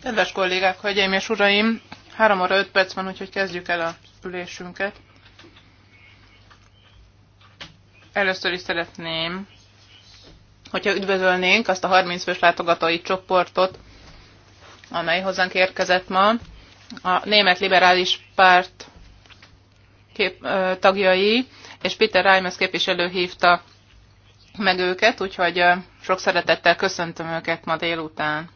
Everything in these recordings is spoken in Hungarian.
Kedves kollégák, hölgyeim és uraim, 3 óra 5 perc van, úgyhogy kezdjük el a ülésünket. Először is szeretném, hogyha üdvözölnénk azt a 30 fős látogatói csoportot, amely hozzánk érkezett ma. A Német Liberális Párt kép, ö, tagjai, és Peter Reimers képviselő hívta meg őket, úgyhogy sok szeretettel köszöntöm őket ma délután.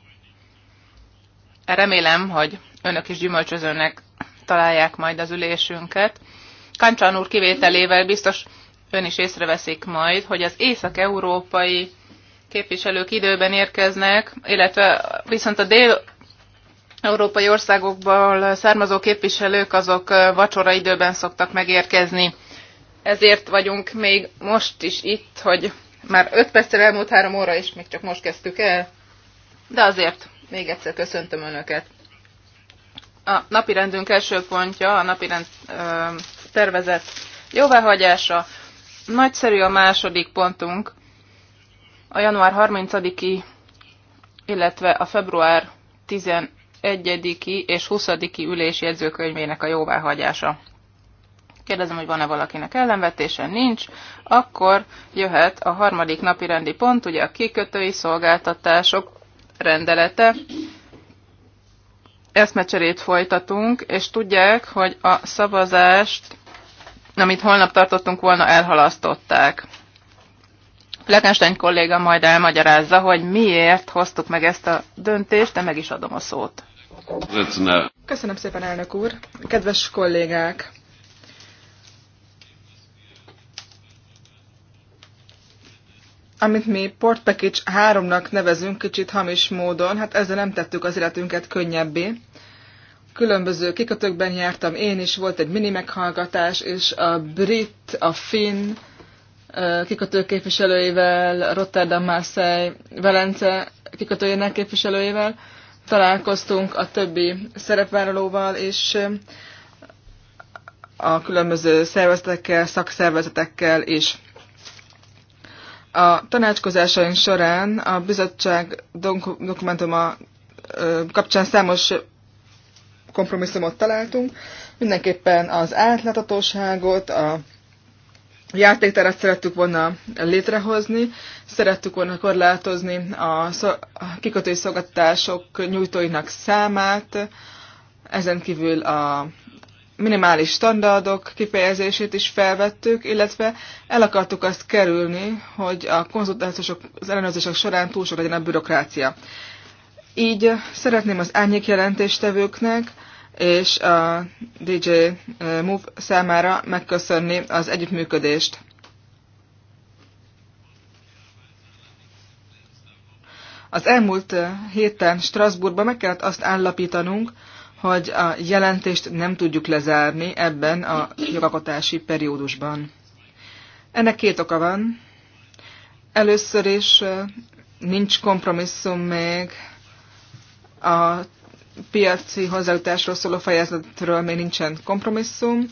Remélem, hogy önök is gyümölcsözőnek találják majd az ülésünket. Kancsán úr kivételével biztos ön is észreveszik majd, hogy az észak-európai képviselők időben érkeznek, illetve viszont a dél európai országokból származó képviselők azok vacsora időben szoktak megérkezni. Ezért vagyunk még most is itt, hogy már 5 perccel elmúlt 3 óra, és még csak most kezdtük el. De azért még egyszer köszöntöm Önöket. A napi rendünk első pontja, a rend ö, tervezett jóváhagyása. Nagyszerű a második pontunk, a január 30-i, illetve a február 11-i és 20-i ülés jegyzőkönyvének a jóváhagyása. Kérdezem, hogy van-e valakinek ellenvetése? Nincs. Akkor jöhet a harmadik napi rendi pont, ugye a kikötői szolgáltatások rendelete. Eszmecserét folytatunk, és tudják, hogy a szavazást, amit holnap tartottunk volna, elhalasztották. Lekenstein kolléga majd elmagyarázza, hogy miért hoztuk meg ezt a döntést, de meg is adom a szót. Köszönöm szépen, elnök úr! Kedves kollégák! amit mi Port Package 3-nak nevezünk kicsit hamis módon, hát ezzel nem tettük az életünket könnyebbé. Különböző kikötőkben jártam én is, volt egy mini meghallgatás, és a brit, a finn kikötő képviselőivel, Rotterdam, Marseille, Velence kikötőjének képviselőivel találkoztunk a többi szerepvállalóval, és a különböző szervezetekkel, szakszervezetekkel is. A tanácskozásaink során a bizottság dokumentuma kapcsán számos kompromisszumot találtunk. Mindenképpen az átláthatóságot, a játékteret szerettük volna létrehozni, szerettük volna korlátozni a kikötői szolgáltatások nyújtóinak számát, ezen kívül a minimális standardok kifejezését is felvettük, illetve el akartuk azt kerülni, hogy a konzultációsok, az ellenőrzések során túl sok legyen a bürokrácia. Így szeretném az árnyék jelentéstevőknek és a DJ eh, Move számára megköszönni az együttműködést. Az elmúlt eh, héten Strasbourgban meg kellett azt állapítanunk, hogy a jelentést nem tudjuk lezárni ebben a jogalkotási periódusban. Ennek két oka van. Először is nincs kompromisszum még a piaci hozzájutásról szóló fejezetről még nincsen kompromisszum.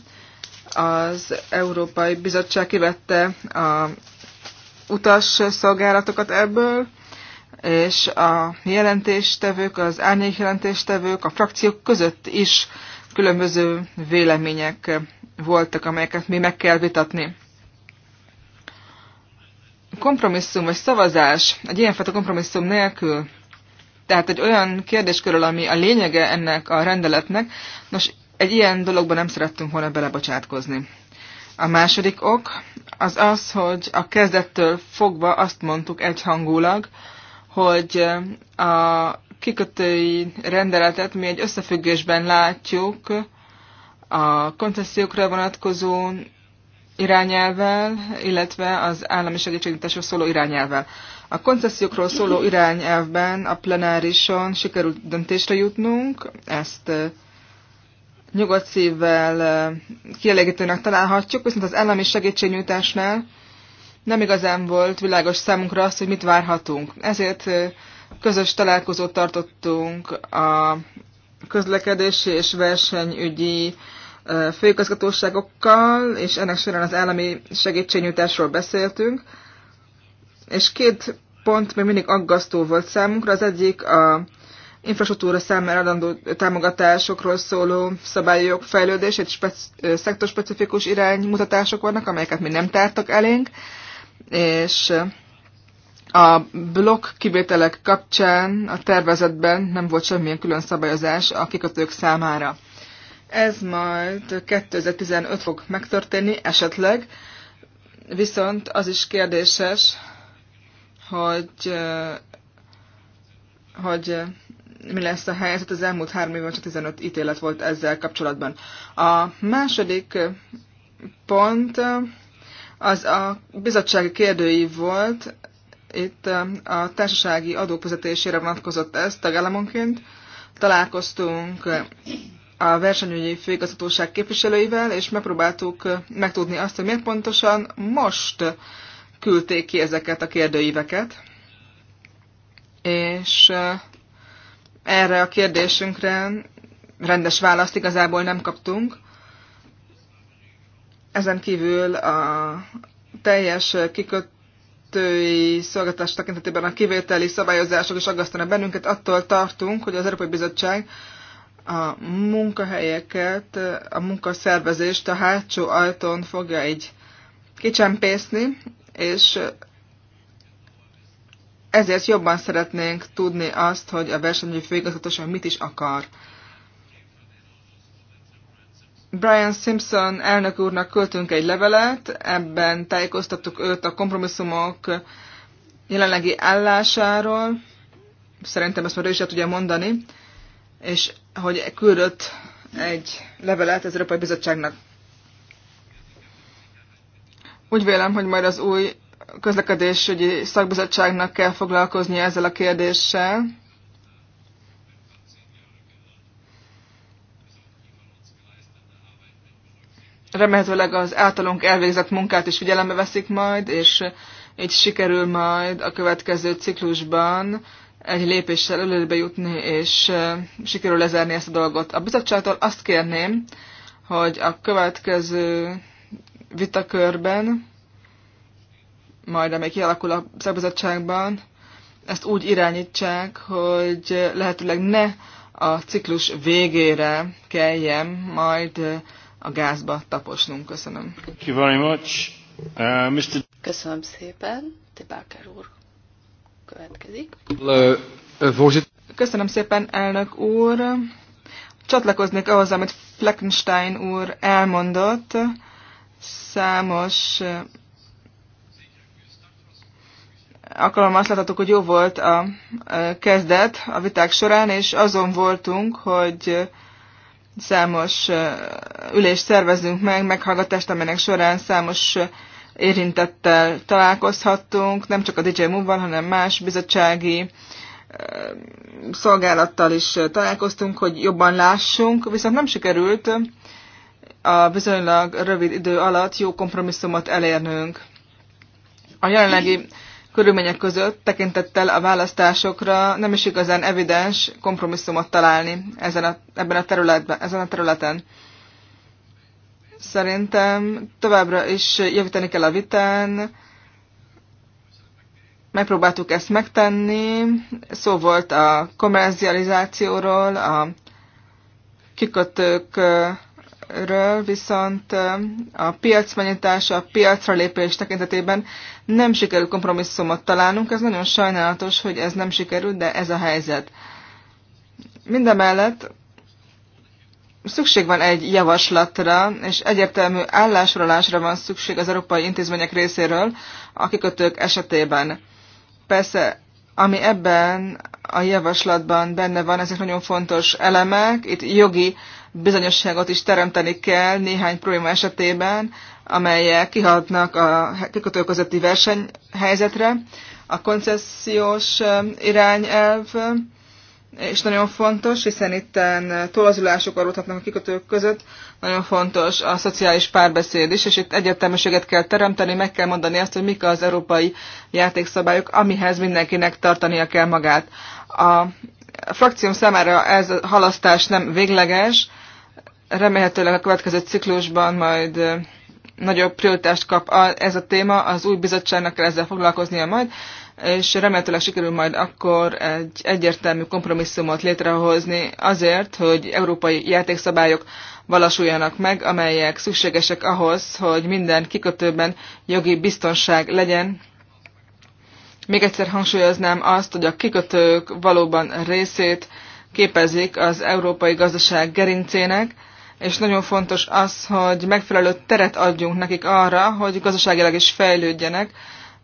Az Európai Bizottság kivette a utas szolgálatokat ebből, és a jelentéstevők, az árnyék jelentéstevők, a frakciók között is különböző vélemények voltak, amelyeket mi meg kell vitatni. Kompromisszum vagy szavazás egy ilyenfajta kompromisszum nélkül, tehát egy olyan kérdéskörül, ami a lényege ennek a rendeletnek, nos, egy ilyen dologban nem szerettünk volna belebocsátkozni. A második ok az az, hogy a kezdettől fogva azt mondtuk egyhangulag, hogy a kikötői rendeletet mi egy összefüggésben látjuk a koncesziókra vonatkozó irányelvel, illetve az állami segítségnyújtásról szóló irányelvel. A koncesziókról szóló irányelvben a plenárison sikerült döntésre jutnunk, ezt nyugodt szívvel kielégítőnek találhatjuk, viszont az állami segítségnyújtásnál nem igazán volt világos számunkra azt, hogy mit várhatunk. Ezért közös találkozót tartottunk a közlekedési és versenyügyi főigazgatóságokkal, és ennek során az állami segítségnyújtásról beszéltünk. És két pont még mindig aggasztó volt számunkra. Az egyik a infrastruktúra számára adandó támogatásokról szóló szabályok fejlődését, spec- szektorspecifikus iránymutatások vannak, amelyeket mi nem tártak elénk és a blokk kivételek kapcsán a tervezetben nem volt semmilyen külön szabályozás a kikötők számára. Ez majd 2015 fog megtörténni esetleg, viszont az is kérdéses, hogy, hogy mi lesz a helyzet. Az elmúlt három évben csak 15 ítélet volt ezzel kapcsolatban. A második pont az a bizottsági kérdőív volt, itt um, a társasági adófizetésére vonatkozott ez tagállamonként. Találkoztunk uh, a versenyügyi főigazgatóság képviselőivel, és megpróbáltuk uh, megtudni azt, hogy miért pontosan most küldték ki ezeket a kérdőíveket. És uh, erre a kérdésünkre rendes választ igazából nem kaptunk. Ezen kívül a teljes kikötői szolgáltatás tekintetében a kivételi szabályozások is aggasztanak bennünket. Attól tartunk, hogy az Európai Bizottság a munkahelyeket, a munkaszervezést a hátsó ajtón fogja egy kicsempészni, és ezért jobban szeretnénk tudni azt, hogy a versenyi főigazgatóság mit is akar. Brian Simpson elnök úrnak költünk egy levelet, ebben tájékoztattuk őt a kompromisszumok jelenlegi állásáról, szerintem ezt már ő is el tudja mondani, és hogy küldött egy levelet az Európai Bizottságnak. Úgy vélem, hogy majd az új közlekedésügyi szakbizottságnak kell foglalkozni ezzel a kérdéssel, remélhetőleg az általunk elvégzett munkát is figyelembe veszik majd, és így sikerül majd a következő ciklusban egy lépéssel előrébe jutni, és sikerül lezárni ezt a dolgot. A bizottságtól azt kérném, hogy a következő vitakörben, majd amely kialakul a szakbizottságban, ezt úgy irányítsák, hogy lehetőleg ne a ciklus végére kelljen majd a gázba taposnunk. Köszönöm. Thank you very much. Uh, Mr. Köszönöm szépen. Báker úr következik. Uh, uh, Köszönöm szépen, elnök úr. Csatlakoznék ahhoz, amit Fleckenstein úr elmondott. Számos uh, alkalommal azt láthatok, hogy jó volt a kezdet a viták során, és azon voltunk, hogy számos ülést szervezünk meg, meghallgatást, amelynek során számos érintettel találkozhattunk, nem csak a DJ Move-val, hanem más bizottsági szolgálattal is találkoztunk, hogy jobban lássunk, viszont nem sikerült a bizonylag rövid idő alatt jó kompromisszumot elérnünk. A jelenlegi körülmények között tekintettel a választásokra nem is igazán evidens kompromisszumot találni ezen a, ebben a területben, ezen a területen. Szerintem továbbra is javítani kell a vitán, megpróbáltuk ezt megtenni, szó volt a komercializációról, a kikötőkről, viszont a piacmenyítása, a piacra lépés tekintetében nem sikerült kompromisszumot találnunk, ez nagyon sajnálatos, hogy ez nem sikerült, de ez a helyzet. Mindemellett szükség van egy javaslatra, és egyértelmű állásrólásra van szükség az európai intézmények részéről a kikötők esetében. Persze, ami ebben a javaslatban benne van, ezek nagyon fontos elemek, itt jogi bizonyosságot is teremteni kell néhány probléma esetében, amelyek kihatnak a kikötő közötti versenyhelyzetre. A koncesziós um, irányelv um, és nagyon fontos, hiszen itt tolazulások adódhatnak a kikötők között, nagyon fontos a szociális párbeszéd is, és itt egyértelműséget kell teremteni, meg kell mondani azt, hogy mik az európai játékszabályok, amihez mindenkinek tartania kell magát. A frakcióm számára ez a halasztás nem végleges, remélhetőleg a következő ciklusban majd um, nagyobb prioritást kap ez a téma, az új bizottságnak kell ezzel foglalkoznia majd, és remélhetőleg sikerül majd akkor egy egyértelmű kompromisszumot létrehozni azért, hogy európai játékszabályok valósuljanak meg, amelyek szükségesek ahhoz, hogy minden kikötőben jogi biztonság legyen. Még egyszer hangsúlyoznám azt, hogy a kikötők valóban részét képezik az európai gazdaság gerincének, és nagyon fontos az, hogy megfelelő teret adjunk nekik arra, hogy gazdaságilag is fejlődjenek,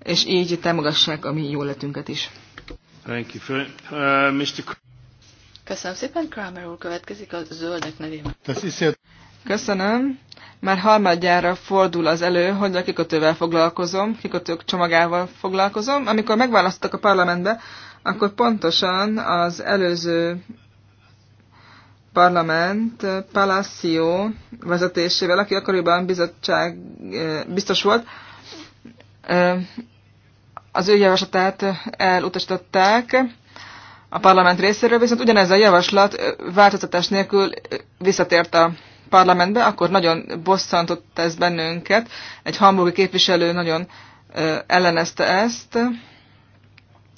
és így támogassák a mi jóletünket is. Thank you for, uh, Mr. Köszönöm szépen, Kramer úr következik a zöldek nevében. Köszönöm. Már harmadjára fordul az elő, hogy a kikötővel foglalkozom, kikötők csomagával foglalkozom. Amikor megválasztottak a parlamentbe, akkor pontosan az előző Parlament Palacio vezetésével, aki akkoriban bizottság, eh, biztos volt, eh, az ő javaslatát elutasították a parlament részéről, viszont ugyanez a javaslat változtatás nélkül visszatért a parlamentbe, akkor nagyon bosszantott ez bennünket. Egy hamburgi képviselő nagyon eh, ellenezte ezt.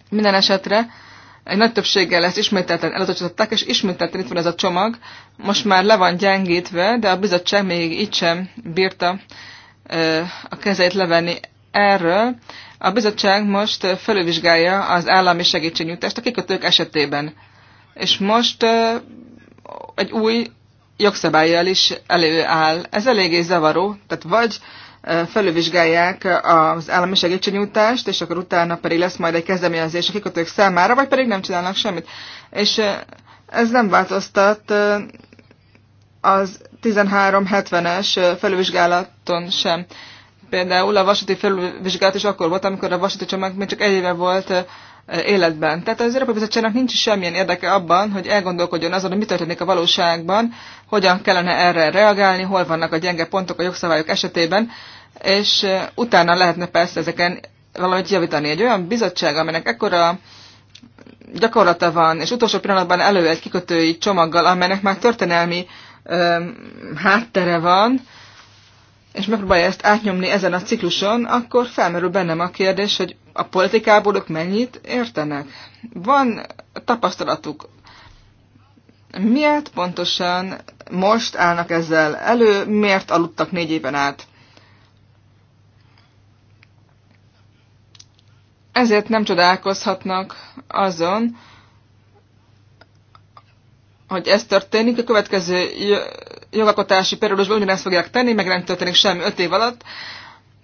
Minden esetre egy nagy többséggel ezt ismételten elutasították, és ismételten itt van ez a csomag. Most már le van gyengítve, de a bizottság még így sem bírta a kezeit levenni erről. A bizottság most felülvizsgálja az állami segítségnyújtást a kikötők esetében. És most egy új jogszabályjal is előáll. Ez eléggé zavaró, tehát vagy felülvizsgálják az állami segítségnyújtást, és akkor utána pedig lesz majd egy kezdeményezés a kikötők számára, vagy pedig nem csinálnak semmit. És ez nem változtat az 1370-es felülvizsgálaton sem. Például a vasúti felülvizsgálat is akkor volt, amikor a vasúti csomag még csak egy éve volt életben. Tehát az Európai Bizottságnak nincs semmilyen érdeke abban, hogy elgondolkodjon azon, hogy mi történik a valóságban, hogyan kellene erre reagálni, hol vannak a gyenge pontok a jogszabályok esetében, és utána lehetne persze ezeken valahogy javítani. Egy olyan bizottság, aminek ekkora gyakorlata van, és utolsó pillanatban elő egy kikötői csomaggal, amelynek már történelmi háttere van, és megpróbálja ezt átnyomni ezen a cikluson, akkor felmerül bennem a kérdés, hogy a politikából ők mennyit értenek. Van tapasztalatuk. Miért pontosan most állnak ezzel elő, miért aludtak négy éven át? Ezért nem csodálkozhatnak azon, hogy ez történik, a következő jogalkotási periódusban ugyanezt fogják tenni, meg nem történik semmi öt év alatt.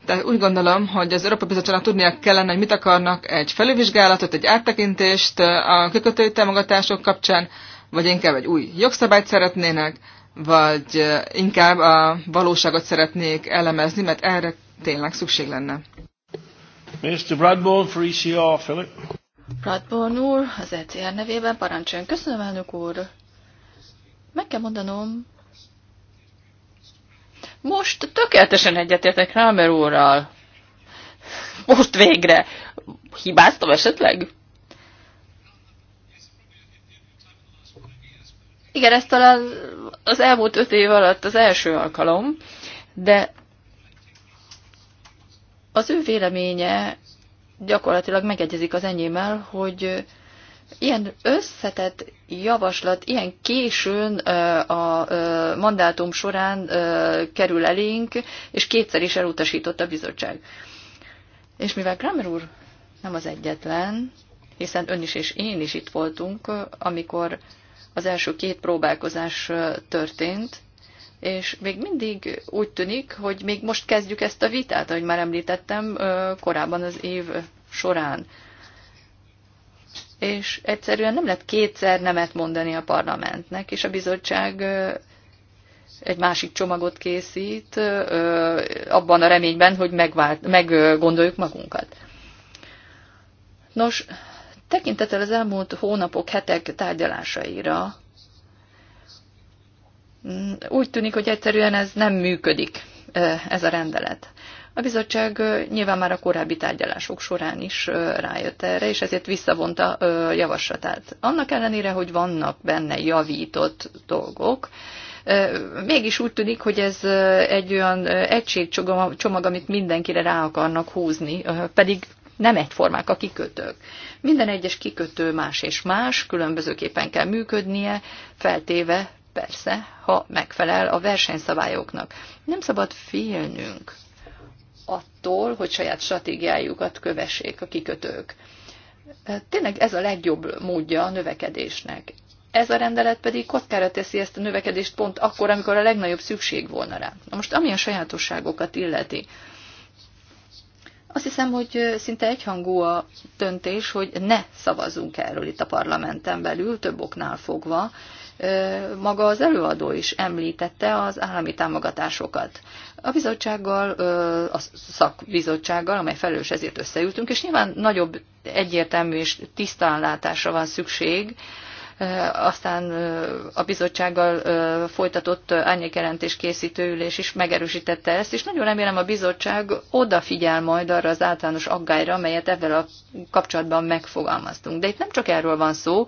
Tehát úgy gondolom, hogy az Európai Bizottságnak tudnia kellene, hogy mit akarnak, egy felülvizsgálatot, egy áttekintést a kikötői támogatások kapcsán, vagy inkább egy új jogszabályt szeretnének, vagy inkább a valóságot szeretnék elemezni, mert erre tényleg szükség lenne. Mr. Bradbourne for ECR, Philip. Bradbourne úr, az ECR nevében parancsoljon. Köszönöm, elnök úr. Meg kell mondanom, most tökéletesen egyetértek Rámer úrral. Most végre. Hibáztam esetleg? Igen, ez talán az elmúlt öt év alatt az első alkalom, de az ő véleménye gyakorlatilag megegyezik az enyémmel, hogy Ilyen összetett javaslat ilyen későn a mandátum során kerül elénk, és kétszer is elutasított a bizottság. És mivel Kramer úr nem az egyetlen, hiszen ön is és én is itt voltunk, amikor az első két próbálkozás történt, és még mindig úgy tűnik, hogy még most kezdjük ezt a vitát, ahogy már említettem korábban az év során és egyszerűen nem lehet kétszer nemet mondani a parlamentnek, és a bizottság egy másik csomagot készít, abban a reményben, hogy megvált, meggondoljuk magunkat. Nos, tekintetel az elmúlt hónapok, hetek tárgyalásaira, úgy tűnik, hogy egyszerűen ez nem működik, ez a rendelet. A bizottság nyilván már a korábbi tárgyalások során is rájött erre, és ezért visszavonta javaslatát. Annak ellenére, hogy vannak benne javított dolgok, mégis úgy tűnik, hogy ez egy olyan egységcsomag, amit mindenkire rá akarnak húzni, pedig nem egyformák a kikötők. Minden egyes kikötő más és más, különbözőképpen kell működnie, feltéve persze, ha megfelel a versenyszabályoknak. Nem szabad félnünk attól, hogy saját stratégiájukat kövessék a kikötők. Tényleg ez a legjobb módja a növekedésnek. Ez a rendelet pedig kockára teszi ezt a növekedést pont akkor, amikor a legnagyobb szükség volna rá. Na most ami a sajátosságokat illeti, azt hiszem, hogy szinte egyhangú a döntés, hogy ne szavazunk erről itt a parlamenten belül, több oknál fogva. Maga az előadó is említette az állami támogatásokat. A bizottsággal, a szakbizottsággal, amely felelős ezért összeültünk, és nyilván nagyobb egyértelmű és tisztánlátásra van szükség, aztán a bizottsággal folytatott árnyékjelentés készítő ülés is megerősítette ezt, és nagyon remélem a bizottság odafigyel majd arra az általános aggályra, amelyet ezzel a kapcsolatban megfogalmaztunk. De itt nem csak erről van szó,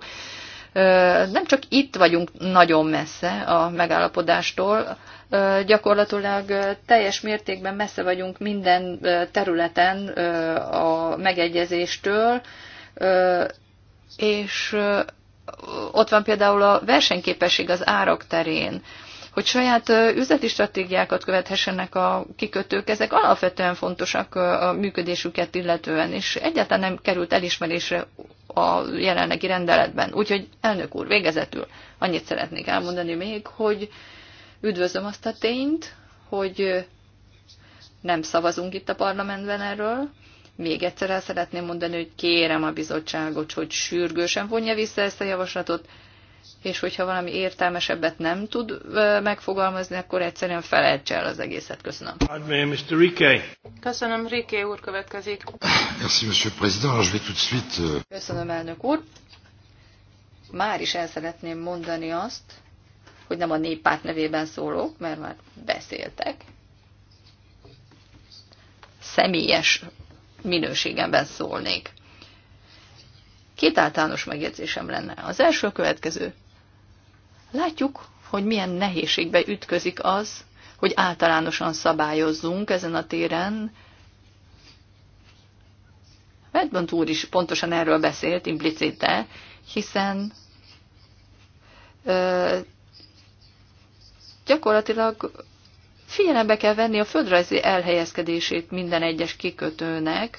nem csak itt vagyunk nagyon messze a megállapodástól, gyakorlatilag teljes mértékben messze vagyunk minden területen a megegyezéstől, és ott van például a versenyképesség az árak terén, hogy saját üzleti stratégiákat követhessenek a kikötők, ezek alapvetően fontosak a működésüket illetően, és egyáltalán nem került elismerésre a jelenlegi rendeletben. Úgyhogy elnök úr, végezetül annyit szeretnék elmondani még, hogy üdvözlöm azt a tényt, hogy nem szavazunk itt a parlamentben erről, még egyszer el szeretném mondani, hogy kérem a bizottságot, hogy sürgősen vonja vissza ezt a javaslatot, és hogyha valami értelmesebbet nem tud megfogalmazni, akkor egyszerűen felejtse el az egészet. Köszönöm. Köszönöm, Riké úr következik. Euh, Köszönöm, elnök úr. Már is el szeretném mondani azt, hogy nem a néppárt nevében szólok, mert már beszéltek. Személyes minőségemben szólnék. Két általános megjegyzésem lenne. Az első a következő. Látjuk, hogy milyen nehézségbe ütközik az, hogy általánosan szabályozzunk ezen a téren. Redmond úr is pontosan erről beszélt implicite, hiszen ö, gyakorlatilag figyelembe kell venni a földrajzi elhelyezkedését minden egyes kikötőnek,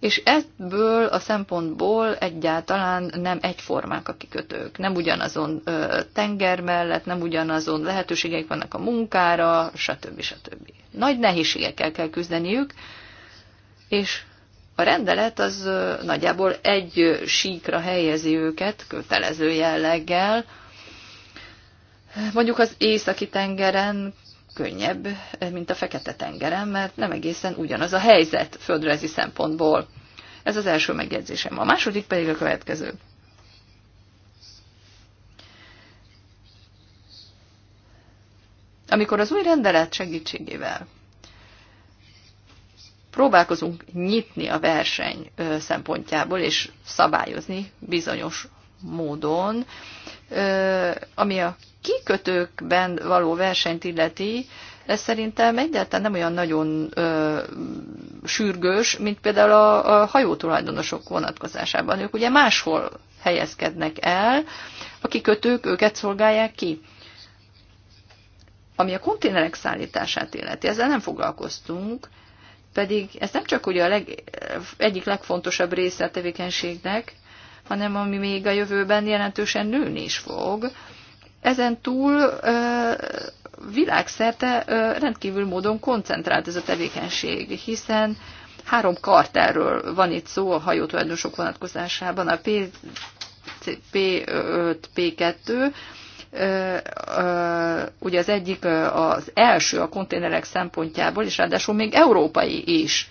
és ebből a szempontból egyáltalán nem egyformák a kikötők. Nem ugyanazon ö, tenger mellett, nem ugyanazon lehetőségek vannak a munkára, stb. stb. Nagy nehézségekkel kell küzdeniük, és a rendelet az ö, nagyjából egy síkra helyezi őket kötelező jelleggel, mondjuk az északi tengeren könnyebb, mint a Fekete-tengeren, mert nem egészen ugyanaz a helyzet földrajzi szempontból. Ez az első megjegyzésem. A második pedig a következő. Amikor az új rendelet segítségével próbálkozunk nyitni a verseny szempontjából, és szabályozni bizonyos módon, ami a kikötőkben való versenyt illeti, ez szerintem egyáltalán nem olyan nagyon ö, sürgős, mint például a, a hajótulajdonosok vonatkozásában. Ők ugye máshol helyezkednek el, a kikötők őket szolgálják ki. Ami a konténerek szállítását illeti, ezzel nem foglalkoztunk, pedig ez nem csak ugye a leg, egyik legfontosabb része a tevékenységnek, hanem ami még a jövőben jelentősen nőni is fog. Ezen túl világszerte rendkívül módon koncentrált ez a tevékenység, hiszen három kartelről van itt szó a hajótulajdonosok vonatkozásában, a P, 5 P2, ugye az egyik az első a konténerek szempontjából, és ráadásul még európai is.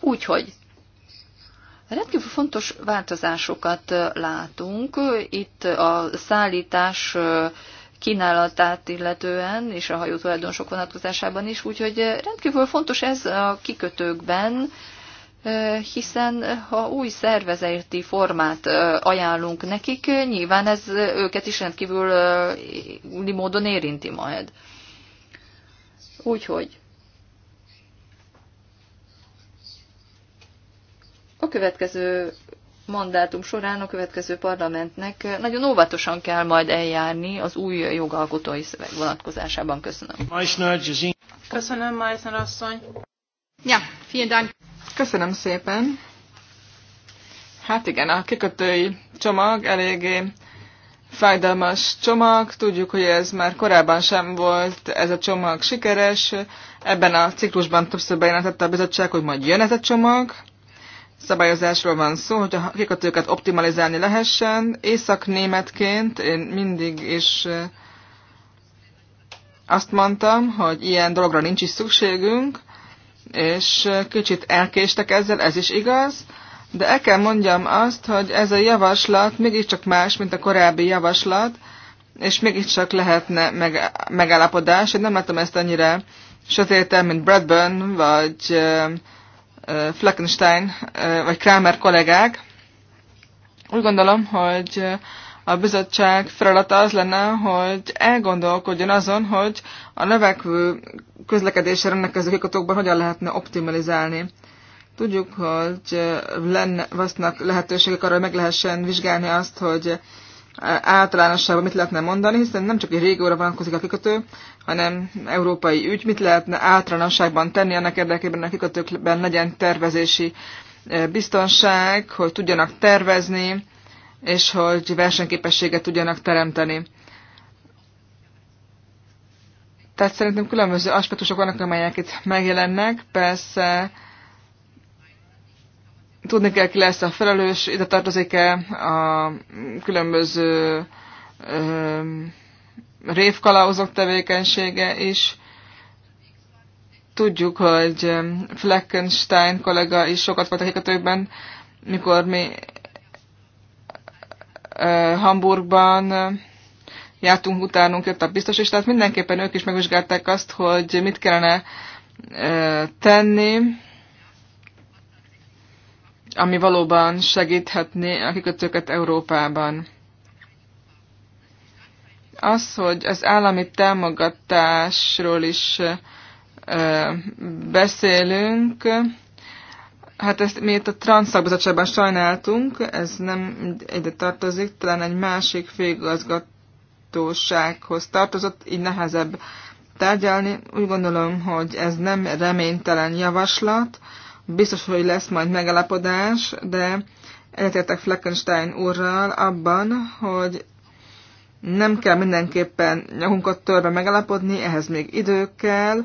Úgyhogy Rendkívül fontos változásokat látunk itt a szállítás kínálatát illetően, és a hajó tulajdonosok vonatkozásában is, úgyhogy rendkívül fontos ez a kikötőkben, hiszen ha új szervezeti formát ajánlunk nekik, nyilván ez őket is rendkívül módon érinti majd. Úgyhogy a következő mandátum során a következő parlamentnek nagyon óvatosan kell majd eljárni az új jogalkotói szöveg vonatkozásában. Köszönöm. Köszönöm, Meissner asszony. Ja, vielen Dank. Köszönöm szépen. Hát igen, a kikötői csomag eléggé fájdalmas csomag. Tudjuk, hogy ez már korábban sem volt ez a csomag sikeres. Ebben a ciklusban többször bejelentette a bizottság, hogy majd jön ez a csomag szabályozásról van szó, hogy a kikötőket optimalizálni lehessen. Észak-németként én mindig is eh, azt mondtam, hogy ilyen dologra nincs is szükségünk, és eh, kicsit elkéstek ezzel, ez is igaz, de el kell mondjam azt, hogy ez a javaslat mégiscsak más, mint a korábbi javaslat, és mégiscsak lehetne meg, megállapodás. Én nem látom ezt annyira sötétel, mint Bradburn, vagy eh, Fleckenstein vagy Kramer kollégák. Úgy gondolom, hogy a bizottság feladata az lenne, hogy elgondolkodjon azon, hogy a növekvő közlekedésre rendelkező kikötőkben hogyan lehetne optimalizálni. Tudjuk, hogy lenne, vasznak lehetőségek arra, hogy meg lehessen vizsgálni azt, hogy általánosságban mit lehetne mondani, hiszen nem csak egy régióra vonatkozik a kikötő, hanem európai ügy, mit lehetne általánosságban tenni annak érdekében, hogy a kikötőkben legyen tervezési eh, biztonság, hogy tudjanak tervezni, és hogy versenyképességet tudjanak teremteni. Tehát szerintem különböző aspektusok vannak, amelyek itt megjelennek. Persze tudni kell, ki lesz a felelős, ide tartozik-e a különböző révkalauzok tevékenysége is. Tudjuk, hogy Fleckenstein kollega is sokat volt a kikötőkben, mikor mi Hamburgban jártunk utánunk, jött a biztos, és tehát mindenképpen ők is megvizsgálták azt, hogy mit kellene tenni, ami valóban segíthetné a kikötőket Európában. Az, hogy az állami támogatásról is ö, beszélünk, hát ezt mi itt a transzakbizottságban sajnáltunk, ez nem ide tartozik, talán egy másik főigazgatósághoz tartozott, így nehezebb tárgyalni. Úgy gondolom, hogy ez nem reménytelen javaslat, Biztos, hogy lesz majd megalapodás, de egyetértek Fleckenstein úrral abban, hogy nem kell mindenképpen nyakunkat törve megalapodni, ehhez még idő kell.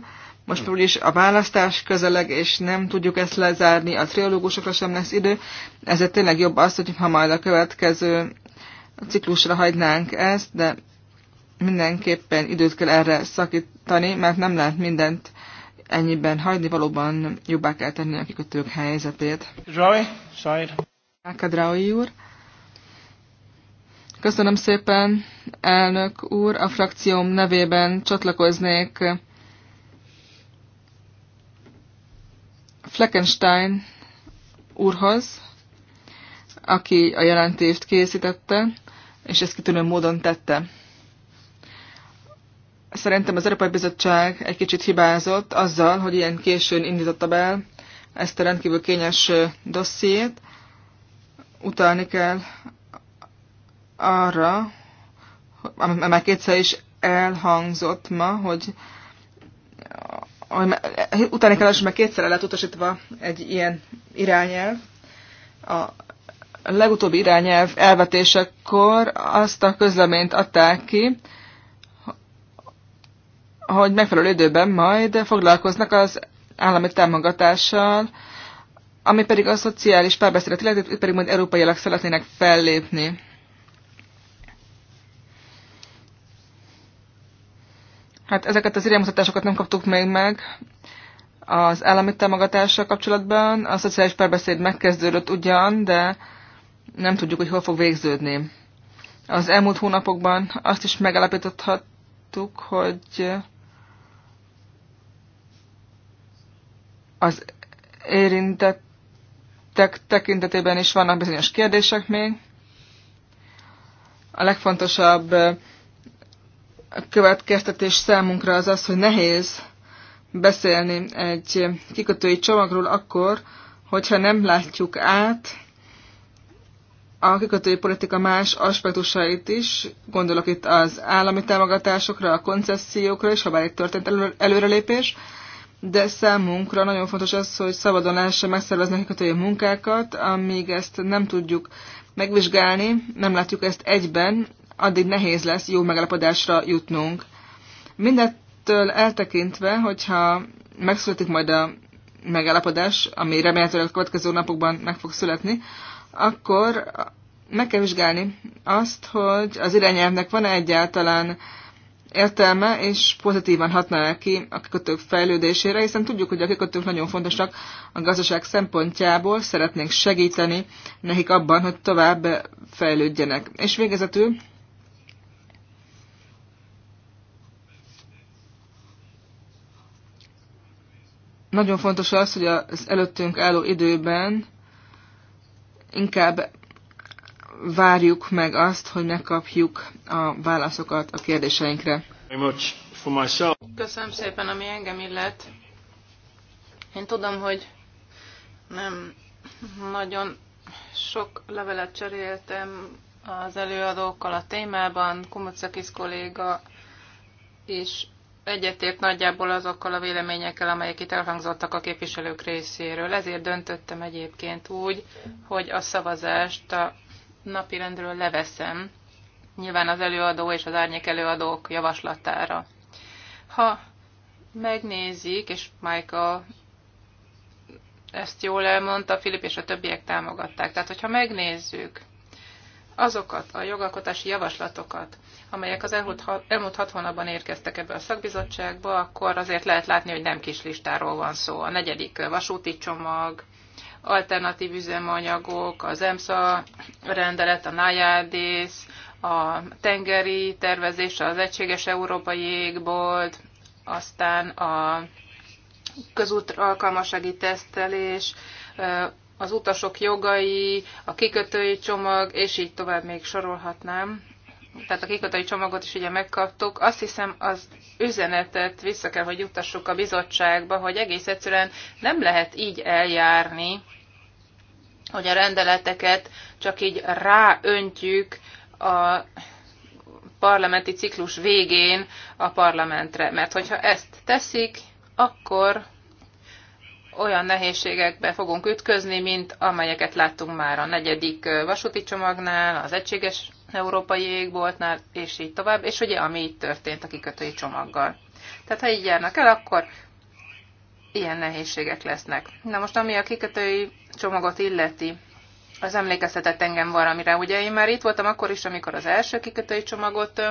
Most úgyis a választás közeleg, és nem tudjuk ezt lezárni, a triológusokra sem lesz idő, ezért tényleg jobb az, hogy ha majd a következő ciklusra hagynánk ezt, de mindenképpen időt kell erre szakítani, mert nem lehet mindent ennyiben hagyni, valóban jobbá kell tenni a kikötők helyzetét. Zsaj, Sajr. Ákadraui úr. Köszönöm szépen, elnök úr. A frakcióm nevében csatlakoznék Fleckenstein úrhoz, aki a jelentést készítette, és ezt kitűnő módon tette. Szerintem az Európai Bizottság egy kicsit hibázott azzal, hogy ilyen későn indította be ezt a rendkívül kényes dossziét. Utalni kell arra, mert már kétszer is elhangzott ma, hogy utáni kell mert kétszer el lett utasítva egy ilyen irányelv. A legutóbbi irányelv elvetésekor azt a közleményt adták ki, hogy megfelelő időben majd foglalkoznak az állami támogatással, ami pedig a szociális párbeszédet illetve itt pedig majd európailag szeretnének fellépni. Hát ezeket az iránymutatásokat nem kaptuk még meg az állami támogatással kapcsolatban. A szociális párbeszéd megkezdődött ugyan, de nem tudjuk, hogy hol fog végződni. Az elmúlt hónapokban azt is megállapítottuk, hogy az érintettek tekintetében is vannak bizonyos kérdések még. A legfontosabb következtetés számunkra az az, hogy nehéz beszélni egy kikötői csomagról akkor, hogyha nem látjuk át a kikötői politika más aspektusait is, gondolok itt az állami támogatásokra, a koncesziókra és ha bár itt történt előrelépés, előre de számunkra nagyon fontos az, hogy szabadon lehessen megszervezni a kötői munkákat, amíg ezt nem tudjuk megvizsgálni, nem látjuk ezt egyben, addig nehéz lesz jó megállapodásra jutnunk. Mindettől eltekintve, hogyha megszületik majd a megállapodás, ami remélhetőleg a következő napokban meg fog születni, akkor meg kell vizsgálni azt, hogy az irányelvnek van-e egyáltalán értelme, és pozitívan hatna ki a kikötők fejlődésére, hiszen tudjuk, hogy a kikötők nagyon fontosak a gazdaság szempontjából, szeretnénk segíteni nekik abban, hogy tovább fejlődjenek. És végezetül nagyon fontos az, hogy az előttünk álló időben inkább várjuk meg azt, hogy megkapjuk a válaszokat a kérdéseinkre. Köszönöm szépen, ami engem illet. Én tudom, hogy nem nagyon sok levelet cseréltem az előadókkal a témában. Kumocakis kolléga is egyetért nagyjából azokkal a véleményekkel, amelyek itt elhangzottak a képviselők részéről. Ezért döntöttem egyébként úgy, hogy a szavazást a napirendről leveszem, nyilván az előadó és az árnyék előadók javaslatára. Ha megnézik, és Michael ezt jól elmondta, Filip és a többiek támogatták. Tehát, hogyha megnézzük azokat a jogalkotási javaslatokat, amelyek az elmúlt, elmúlt hat hónapban érkeztek ebbe a szakbizottságba, akkor azért lehet látni, hogy nem kis listáról van szó. A negyedik vasúti csomag, alternatív üzemanyagok, az EMSA rendelet, a NIADIS, a tengeri tervezés, az egységes európai égbolt, aztán a közút alkalmasági tesztelés, az utasok jogai, a kikötői csomag, és így tovább még sorolhatnám tehát a kikötői csomagot is ugye megkaptuk, azt hiszem az üzenetet vissza kell, hogy juttassuk a bizottságba, hogy egész egyszerűen nem lehet így eljárni, hogy a rendeleteket csak így ráöntjük a parlamenti ciklus végén a parlamentre. Mert hogyha ezt teszik, akkor olyan nehézségekbe fogunk ütközni, mint amelyeket láttunk már a negyedik vasúti csomagnál, az egységes európai égboltnál, és így tovább, és ugye ami így történt a kikötői csomaggal. Tehát ha így járnak el, akkor ilyen nehézségek lesznek. Na most ami a kikötői csomagot illeti, az emlékeztetett engem valamire. Ugye én már itt voltam akkor is, amikor az első kikötői csomagot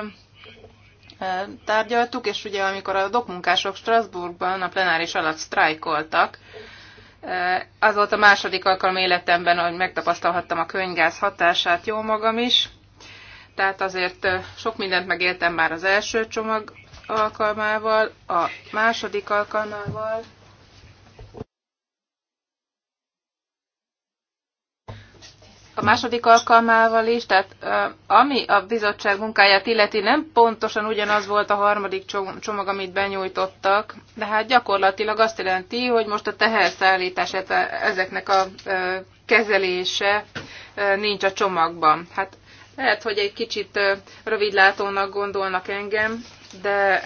tárgyaltuk, és ugye amikor a dokmunkások Strasbourgban a plenáris alatt sztrájkoltak, az volt a második alkalom életemben, hogy megtapasztalhattam a könygáz hatását jó magam is, tehát azért sok mindent megéltem már az első csomag alkalmával, a második alkalmával. A második alkalmával is, tehát ami a bizottság munkáját illeti, nem pontosan ugyanaz volt a harmadik csomag, amit benyújtottak, de hát gyakorlatilag azt jelenti, hogy most a teherszállítás, ezeknek a kezelése nincs a csomagban. Hát lehet, hogy egy kicsit rövidlátónak gondolnak engem, de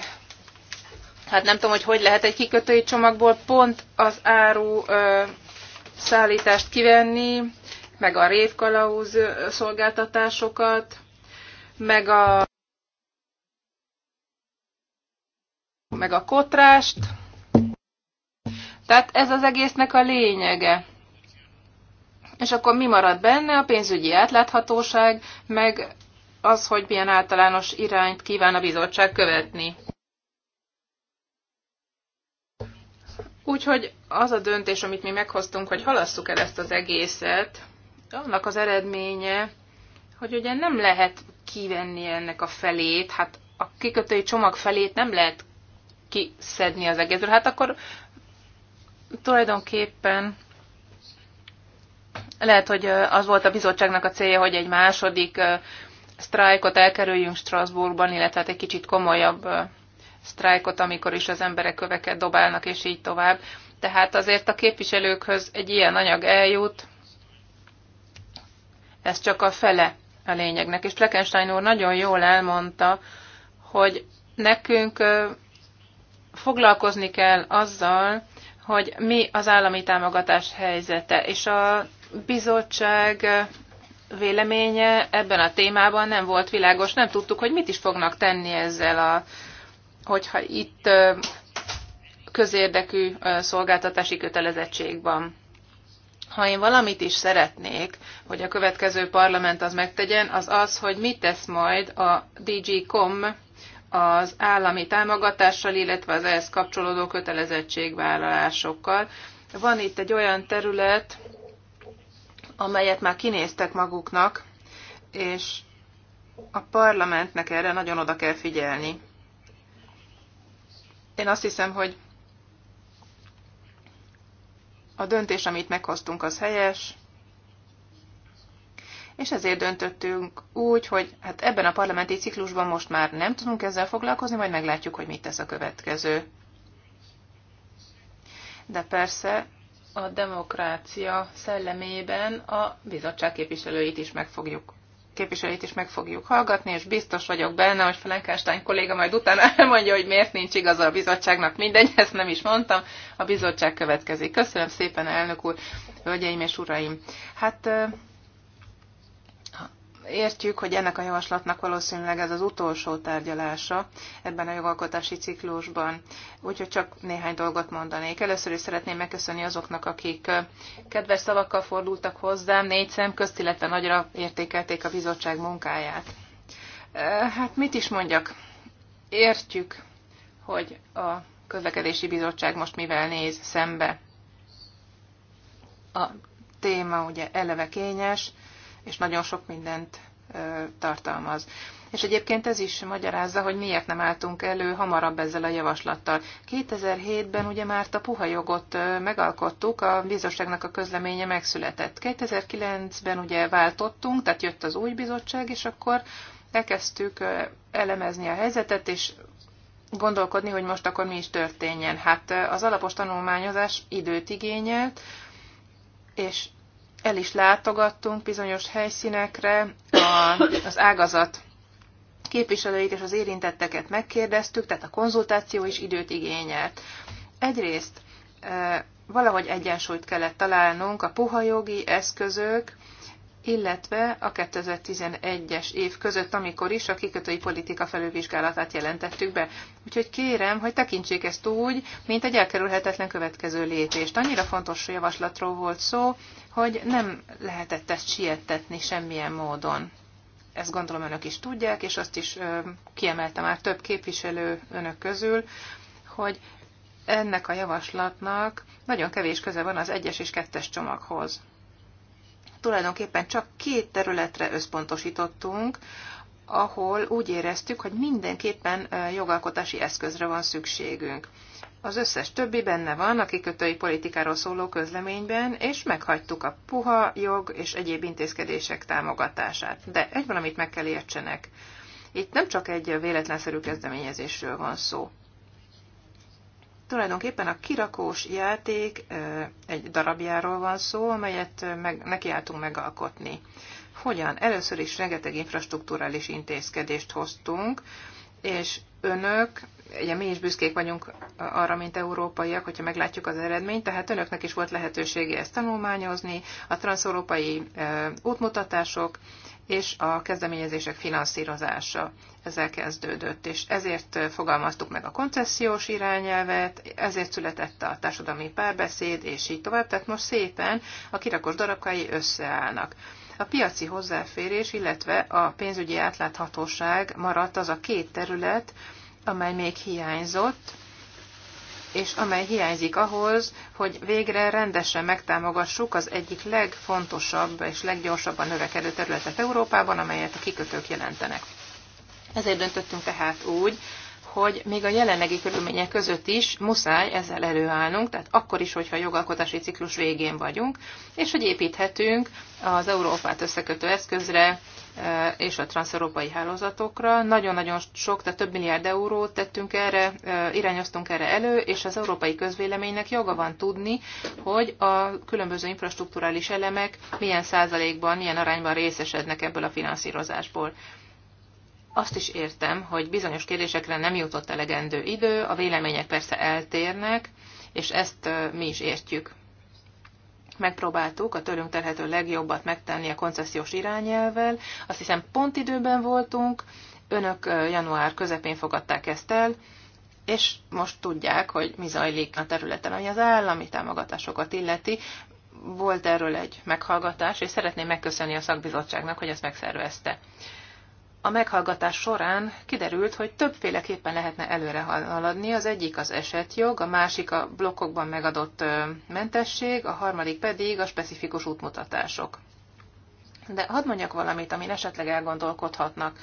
hát nem tudom, hogy hogy lehet egy kikötői csomagból pont az áru szállítást kivenni, meg a révkalauz szolgáltatásokat, meg a meg a kotrást. Tehát ez az egésznek a lényege. És akkor mi marad benne? A pénzügyi átláthatóság, meg az, hogy milyen általános irányt kíván a bizottság követni. Úgyhogy az a döntés, amit mi meghoztunk, hogy halasszuk el ezt az egészet, annak az eredménye, hogy ugye nem lehet kivenni ennek a felét, hát a kikötői csomag felét nem lehet kiszedni az egészről. Hát akkor tulajdonképpen lehet, hogy az volt a bizottságnak a célja, hogy egy második sztrájkot elkerüljünk Strasbourgban, illetve hát egy kicsit komolyabb sztrájkot, amikor is az emberek köveket dobálnak, és így tovább. Tehát azért a képviselőkhöz egy ilyen anyag eljut, ez csak a fele a lényegnek. És Fleckenstein úr nagyon jól elmondta, hogy nekünk foglalkozni kell azzal, hogy mi az állami támogatás helyzete, és a bizottság véleménye ebben a témában nem volt világos, nem tudtuk, hogy mit is fognak tenni ezzel, a, hogyha itt közérdekű szolgáltatási kötelezettség van. Ha én valamit is szeretnék, hogy a következő parlament az megtegyen, az az, hogy mit tesz majd a DG.com az állami támogatással, illetve az ehhez kapcsolódó kötelezettségvállalásokkal. Van itt egy olyan terület, amelyet már kinéztek maguknak, és a parlamentnek erre nagyon oda kell figyelni. Én azt hiszem, hogy a döntés, amit meghoztunk, az helyes, és ezért döntöttünk úgy, hogy hát ebben a parlamenti ciklusban most már nem tudunk ezzel foglalkozni, majd meglátjuk, hogy mit tesz a következő. De persze a demokrácia szellemében a bizottság képviselőit is meg fogjuk képviselőit is meg fogjuk hallgatni, és biztos vagyok benne, hogy Felenkenstein kolléga majd utána elmondja, hogy miért nincs igaza a bizottságnak. Mindegy, ezt nem is mondtam. A bizottság következik. Köszönöm szépen, elnök úr, hölgyeim és uraim. Hát értjük, hogy ennek a javaslatnak valószínűleg ez az utolsó tárgyalása ebben a jogalkotási ciklusban, úgyhogy csak néhány dolgot mondanék. Először is szeretném megköszönni azoknak, akik kedves szavakkal fordultak hozzám, négy szem közt, illetve nagyra értékelték a bizottság munkáját. Hát mit is mondjak? Értjük, hogy a közlekedési bizottság most mivel néz szembe. A téma ugye eleve kényes, és nagyon sok mindent tartalmaz. És egyébként ez is magyarázza, hogy miért nem álltunk elő hamarabb ezzel a javaslattal. 2007-ben ugye már a puha jogot megalkottuk, a bizottságnak a közleménye megszületett. 2009-ben ugye váltottunk, tehát jött az új bizottság, és akkor elkezdtük elemezni a helyzetet, és gondolkodni, hogy most akkor mi is történjen. Hát az alapos tanulmányozás időt igényelt, és el is látogattunk bizonyos helyszínekre, a, az ágazat képviselőit és az érintetteket megkérdeztük, tehát a konzultáció is időt igényelt. Egyrészt eh, valahogy egyensúlyt kellett találnunk a puha jogi eszközök, illetve a 2011-es év között, amikor is a kikötői politika felülvizsgálatát jelentettük be. Úgyhogy kérem, hogy tekintsék ezt úgy, mint egy elkerülhetetlen következő lépést. Annyira fontos javaslatról volt szó, hogy nem lehetett ezt siettetni semmilyen módon. Ezt gondolom önök is tudják, és azt is ö, kiemelte már több képviselő önök közül, hogy ennek a javaslatnak nagyon kevés köze van az egyes és kettes csomaghoz tulajdonképpen csak két területre összpontosítottunk, ahol úgy éreztük, hogy mindenképpen jogalkotási eszközre van szükségünk. Az összes többi benne van a kikötői politikáról szóló közleményben, és meghagytuk a puha jog és egyéb intézkedések támogatását. De egy valamit meg kell értsenek. Itt nem csak egy véletlenszerű kezdeményezésről van szó. Tulajdonképpen a kirakós játék egy darabjáról van szó, amelyet meg, nekiálltunk megalkotni. Hogyan? Először is rengeteg infrastruktúrális intézkedést hoztunk, és önök, ugye mi is büszkék vagyunk arra, mint európaiak, hogyha meglátjuk az eredményt, tehát önöknek is volt lehetősége ezt tanulmányozni, a transzeurópai útmutatások, és a kezdeményezések finanszírozása ezzel kezdődött, és ezért fogalmaztuk meg a koncesziós irányelvet, ezért született a társadalmi párbeszéd, és így tovább, tehát most szépen a kirakos darakai összeállnak. A piaci hozzáférés, illetve a pénzügyi átláthatóság maradt az a két terület, amely még hiányzott, és amely hiányzik ahhoz, hogy végre rendesen megtámogassuk az egyik legfontosabb és leggyorsabban növekedő területet Európában, amelyet a kikötők jelentenek. Ezért döntöttünk tehát úgy, hogy még a jelenlegi körülmények között is muszáj ezzel előállnunk, tehát akkor is, hogyha a jogalkotási ciklus végén vagyunk, és hogy építhetünk az Európát összekötő eszközre, Eh, és a transzeurópai hálózatokra. Nagyon-nagyon sok, tehát több milliárd eurót tettünk erre, eh, irányoztunk erre elő, és az európai közvéleménynek joga van tudni, hogy a különböző infrastruktúrális elemek milyen százalékban, milyen arányban részesednek ebből a finanszírozásból. Azt is értem, hogy bizonyos kérdésekre nem jutott elegendő idő, a vélemények persze eltérnek, és ezt eh, mi is értjük megpróbáltuk a tőlünk terhető legjobbat megtenni a koncesziós irányelvvel. Azt hiszem pont időben voltunk, önök január közepén fogadták ezt el, és most tudják, hogy mi zajlik a területen, ami az állami támogatásokat illeti. Volt erről egy meghallgatás, és szeretném megköszönni a szakbizottságnak, hogy ezt megszervezte a meghallgatás során kiderült, hogy többféleképpen lehetne előre haladni. Az egyik az esetjog, a másik a blokkokban megadott mentesség, a harmadik pedig a specifikus útmutatások. De hadd mondjak valamit, amin esetleg elgondolkodhatnak.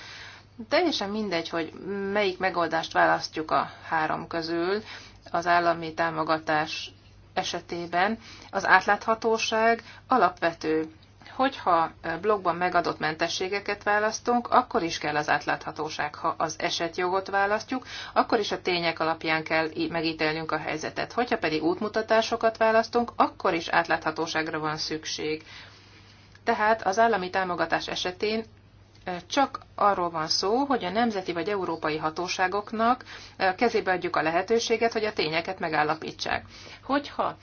Teljesen mindegy, hogy melyik megoldást választjuk a három közül az állami támogatás esetében. Az átláthatóság alapvető hogyha blogban megadott mentességeket választunk, akkor is kell az átláthatóság. Ha az esetjogot választjuk, akkor is a tények alapján kell megítélnünk a helyzetet. Hogyha pedig útmutatásokat választunk, akkor is átláthatóságra van szükség. Tehát az állami támogatás esetén csak arról van szó, hogy a nemzeti vagy európai hatóságoknak kezébe adjuk a lehetőséget, hogy a tényeket megállapítsák. Hogyha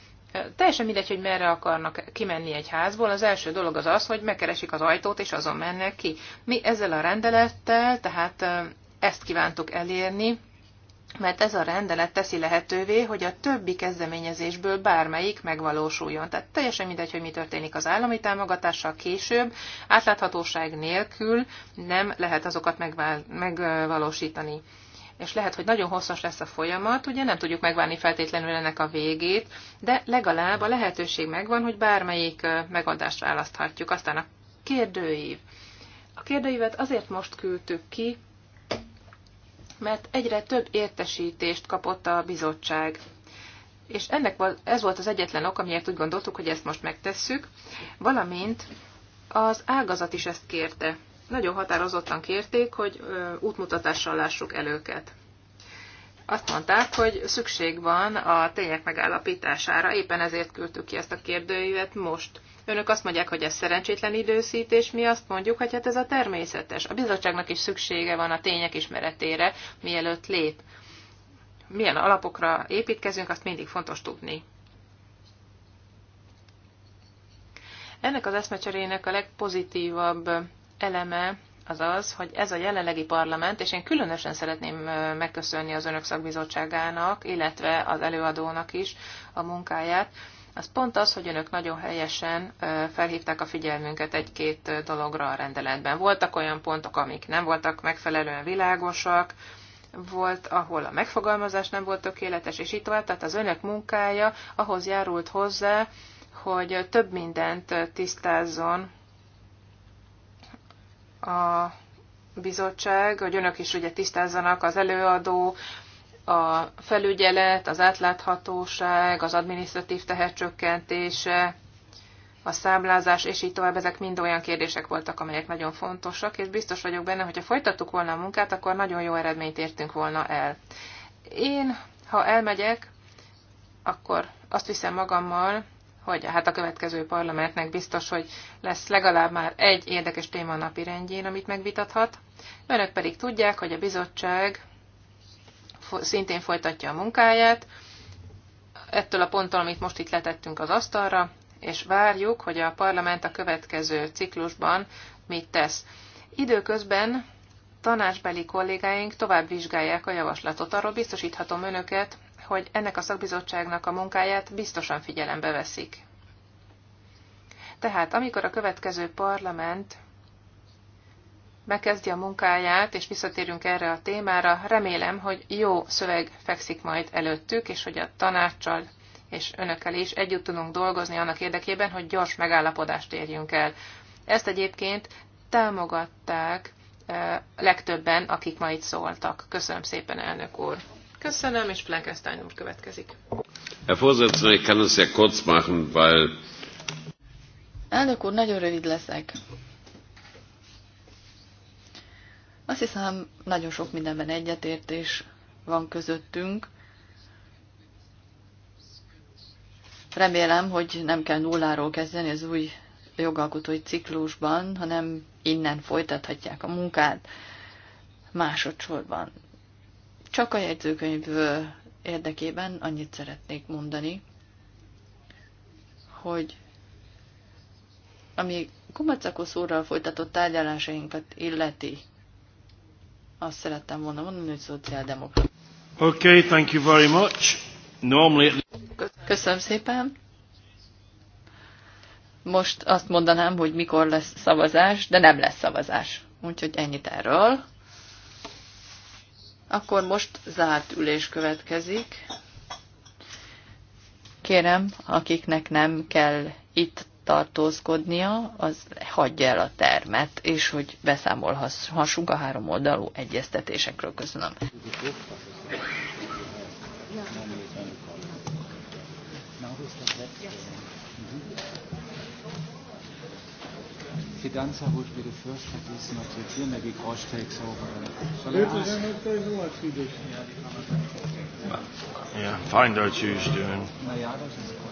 Teljesen mindegy, hogy merre akarnak kimenni egy házból, az első dolog az az, hogy megkeresik az ajtót, és azon mennek ki. Mi ezzel a rendelettel, tehát ezt kívántuk elérni, mert ez a rendelet teszi lehetővé, hogy a többi kezdeményezésből bármelyik megvalósuljon. Tehát teljesen mindegy, hogy mi történik az állami támogatással később, átláthatóság nélkül nem lehet azokat megvalósítani és lehet, hogy nagyon hosszas lesz a folyamat, ugye nem tudjuk megvárni feltétlenül ennek a végét, de legalább a lehetőség megvan, hogy bármelyik megoldást választhatjuk. Aztán a kérdőív. A kérdőívet azért most küldtük ki, mert egyre több értesítést kapott a bizottság. És ennek ez volt az egyetlen ok, amiért úgy gondoltuk, hogy ezt most megtesszük, valamint az ágazat is ezt kérte nagyon határozottan kérték, hogy útmutatással lássuk el őket. Azt mondták, hogy szükség van a tények megállapítására, éppen ezért küldtük ki ezt a kérdőívet most. Önök azt mondják, hogy ez szerencsétlen időszítés, mi azt mondjuk, hogy hát ez a természetes. A bizottságnak is szüksége van a tények ismeretére, mielőtt lép. Milyen alapokra építkezünk, azt mindig fontos tudni. Ennek az eszmecserének a legpozitívabb eleme az az, hogy ez a jelenlegi parlament, és én különösen szeretném megköszönni az önök szakbizottságának, illetve az előadónak is a munkáját, az pont az, hogy önök nagyon helyesen felhívták a figyelmünket egy-két dologra a rendeletben. Voltak olyan pontok, amik nem voltak megfelelően világosak, volt, ahol a megfogalmazás nem volt tökéletes, és itt volt. tehát az önök munkája ahhoz járult hozzá, hogy több mindent tisztázzon a bizottság, hogy önök is ugye tisztázzanak az előadó, a felügyelet, az átláthatóság, az adminisztratív tehercsökkentése, a számlázás, és így tovább, ezek mind olyan kérdések voltak, amelyek nagyon fontosak, és biztos vagyok benne, hogyha folytattuk volna a munkát, akkor nagyon jó eredményt értünk volna el. Én, ha elmegyek, akkor azt viszem magammal, hogy hát a következő parlamentnek biztos, hogy lesz legalább már egy érdekes téma a napi rendjén, amit megvitathat. Önök pedig tudják, hogy a bizottság szintén folytatja a munkáját, ettől a ponttól, amit most itt letettünk az asztalra, és várjuk, hogy a parlament a következő ciklusban mit tesz. Időközben tanácsbeli kollégáink tovább vizsgálják a javaslatot. Arról biztosíthatom önöket, hogy ennek a szakbizottságnak a munkáját biztosan figyelembe veszik. Tehát amikor a következő parlament megkezdi a munkáját, és visszatérünk erre a témára, remélem, hogy jó szöveg fekszik majd előttük, és hogy a tanácssal és önökkel is együtt tudunk dolgozni annak érdekében, hogy gyors megállapodást érjünk el. Ezt egyébként támogatták eh, legtöbben, akik ma itt szóltak. Köszönöm szépen, elnök úr! Köszönöm, és Flankenstein úr következik. Elnök úr, nagyon rövid leszek. Azt hiszem, nagyon sok mindenben egyetértés van közöttünk. Remélem, hogy nem kell nulláról kezdeni az új jogalkotói ciklusban, hanem innen folytathatják a munkát másodszorban. Csak a jegyzőkönyv érdekében annyit szeretnék mondani, hogy ami Kumacakos úrral folytatott tárgyalásainkat illeti, azt szerettem volna mondani, hogy szociáldemokrat. Okay, thank you very much. Normally... Köszönöm szépen. Most azt mondanám, hogy mikor lesz szavazás, de nem lesz szavazás. Úgyhogy ennyit erről. Akkor most zárt ülés következik. Kérem, akiknek nem kell itt tartózkodnia, az hagyja el a termet, és hogy beszámolhassunk a három oldalú egyeztetésekről. Köszönöm. Yes. Fidanza would be the first for this material, maybe Grosch takes over. Yeah,